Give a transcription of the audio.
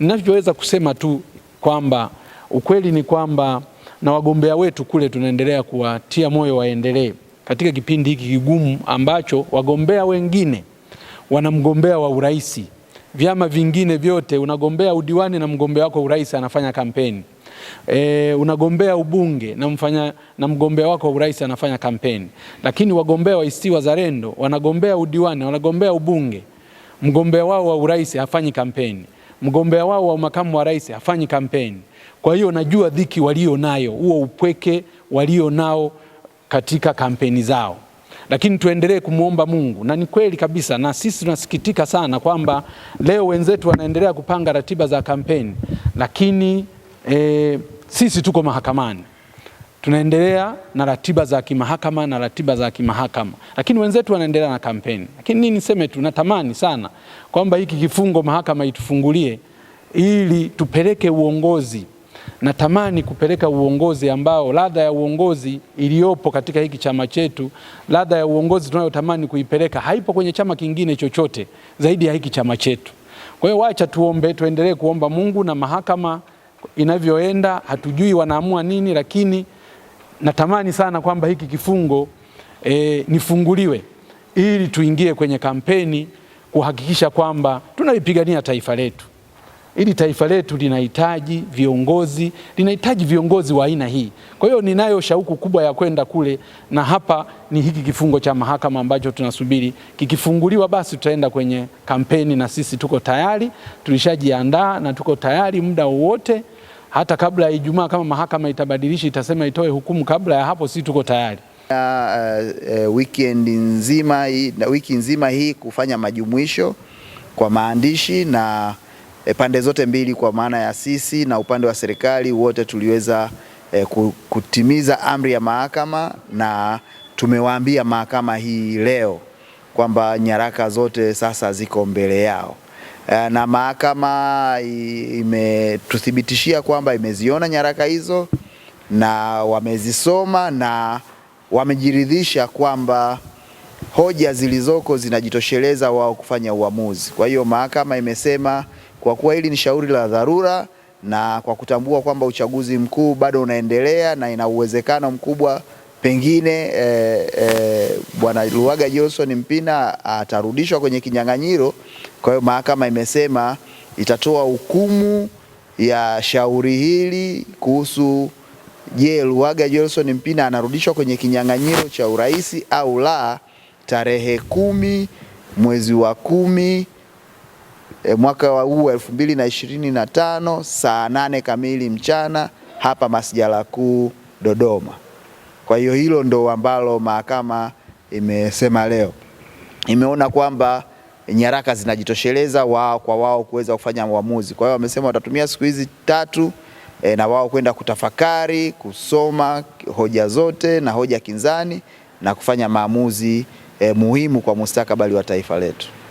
Ninavyoweza kusema tu kwamba ukweli ni kwamba na wagombea wetu kule tunaendelea kuwatia moyo waendelee katika kipindi hiki kigumu ambacho wagombea wengine wana mgombea wa urais. Vyama vingine vyote unagombea udiwani na mgombea wako urais anafanya kampeni e, unagombea ubunge na, mfanya, na mgombea wako urais anafanya kampeni, lakini wagombea wa ACT Wazalendo wanagombea udiwani, wanagombea ubunge, mgombea wao wa urais hafanyi kampeni mgombea wao wa makamu wa rais hafanyi kampeni. Kwa hiyo najua dhiki walio nayo, huo upweke walio nao katika kampeni zao, lakini tuendelee kumwomba Mungu. Na ni kweli kabisa, na sisi tunasikitika sana kwamba leo wenzetu wanaendelea kupanga ratiba za kampeni, lakini e, sisi tuko mahakamani tunaendelea na ratiba za kimahakama na ratiba za kimahakama, lakini wenzetu wanaendelea na kampeni. Lakini nini niseme tu, natamani sana kwamba hiki kifungo mahakama itufungulie ili tupeleke uongozi. Natamani kupeleka uongozi ambao ladha ya uongozi iliyopo katika hiki chama chetu, ladha ya uongozi tunayotamani kuipeleka haipo kwenye chama kingine chochote zaidi ya hiki chama chetu. Kwa hiyo wacha tuombe, tuendelee kuomba Mungu na mahakama inavyoenda, hatujui wanaamua nini, lakini natamani sana kwamba hiki kifungo e, nifunguliwe ili tuingie kwenye kampeni kuhakikisha kwamba tunalipigania taifa letu. Ili taifa letu linahitaji viongozi, linahitaji viongozi wa aina hii. Kwa hiyo ninayo shauku kubwa ya kwenda kule, na hapa ni hiki kifungo cha mahakama ambacho tunasubiri kikifunguliwa, basi tutaenda kwenye kampeni, na sisi tuko tayari, tulishajiandaa na tuko tayari muda wowote hata kabla ya Ijumaa, kama mahakama itabadilisha, itasema itoe hukumu kabla ya hapo, si tuko tayari. Uh, uh, weekend nzima hii, na wiki nzima hii kufanya majumuisho kwa maandishi na eh, pande zote mbili kwa maana ya sisi na upande wa serikali wote tuliweza eh, kutimiza amri ya mahakama na tumewaambia mahakama hii leo kwamba nyaraka zote sasa ziko mbele yao. Eh, na mahakama imetuthibitishia kwamba imeziona nyaraka hizo na wamezisoma na wamejiridhisha kwamba hoja zilizoko zinajitosheleza wao kufanya uamuzi. Kwa hiyo mahakama imesema kwa kuwa hili ni shauri la dharura na kwa kutambua kwamba uchaguzi mkuu bado unaendelea na ina uwezekano mkubwa pengine eh, eh, bwana Luhaga Johnson Mpina atarudishwa kwenye kinyang'anyiro. Kwa hiyo mahakama imesema itatoa hukumu ya shauri hili kuhusu je, Luhaga Johnson Mpina anarudishwa kwenye kinyang'anyiro cha urais au la, tarehe kumi mwezi wa kumi eh, mwaka wa huu elfu mbili na ishirini na tano saa nane kamili mchana hapa masjala kuu Dodoma. Kwa hiyo hilo ndo ambalo mahakama imesema leo, imeona kwamba nyaraka zinajitosheleza wao kwa wao kuweza kufanya uamuzi. Kwa hiyo wamesema watatumia siku hizi tatu e, na wao kwenda kutafakari, kusoma hoja zote na hoja kinzani na kufanya maamuzi e, muhimu kwa mustakabali wa taifa letu.